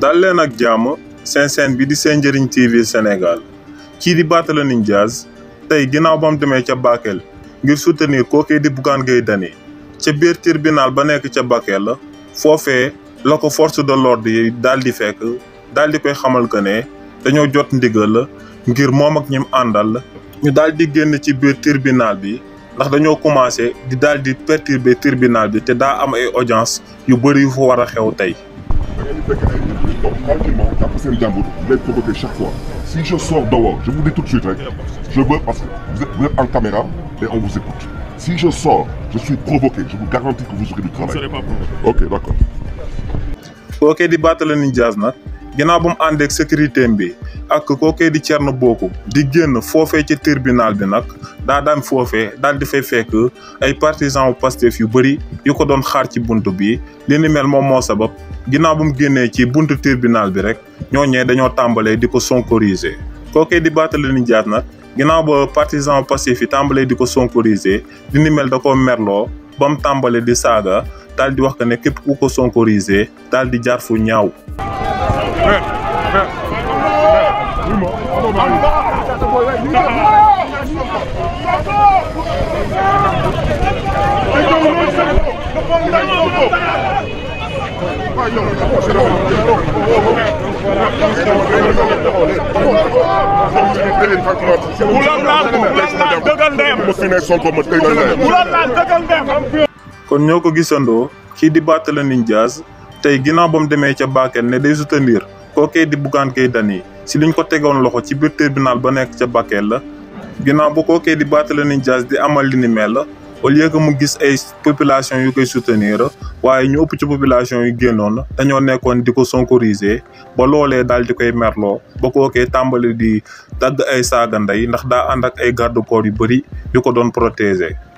dal leen ak jàmm seen seen bi di seen njëriñ TV Sénégal kii di Barthélémy Nin tey ginnaaw ba demee ca Bakel ngir soutenir kookee di Bougane Gueye Dany ca biir tribunal ba nekk ca Bakel la foofee la ko force de l'ordre yi daal di fekk daal di koy xamal que ne dañoo jot ndigal la ngir moom ak ñim àndal ñu daal di génn ci biir tribunal bi ndax dañoo commencé di daal di perturber tribunal bi te daa am ay audience yu bëri yu fa war a xew tey Donc tranquillement, fekk ay nit ñi vous êtes chaque fois si je sors dehors je vous dis tout de suite je veux parce que vous êtes, en caméra et on vous écoute si je sors je suis provoqué je vous garantis que vous aurez du travail ok d'accord. Ok, débattre le Ninjas. Il y en un mu de sécurité ak kookee di Thierno Bocoum di génn foofee ci tribunal bi nag daa daan foofee daal di fay fekk ay partisans wu Pastef yu bari yu ko doon xaar ci bunt bi li ni mel moom moo sabab ginnaaw bu mu génnee ci buntu tribunal bi rek ñooñee dañoo tàmbalee di ko sonkoriser kookee di Barthélémy Dias nag ginnaaw ba partisan Pastef yi tàmbalee di ko sonkoriser li ni mel da koo merloo ba tàmbalee di saaga daal di wax ko ne képp ku ko sonkoriser daal di jaar fu ñaaw. kon ñoo ko gisandoo kii di Barthélémy Dias tey ginnaaw ba mu demee ca Bakel ne day soutenir kookee di Bougane Gueye Dany si luñ ko tegoon loxo ci biir tribunal ba nekk ca Bakel la ginnaaw bu kookee di Barthélémy Dias di amal li ni mel au lieu que mu gis ay population yu koy soutenir waaye ñu ëpp ci population yu génnoon dañoo nekkoon di ko sonkoriser ba loolee daal di koy merloo ba kookee tàmbali di dagg ay saaga ndey ndax daa ànd ak ay garde corps yu bëri yu ko doon protéger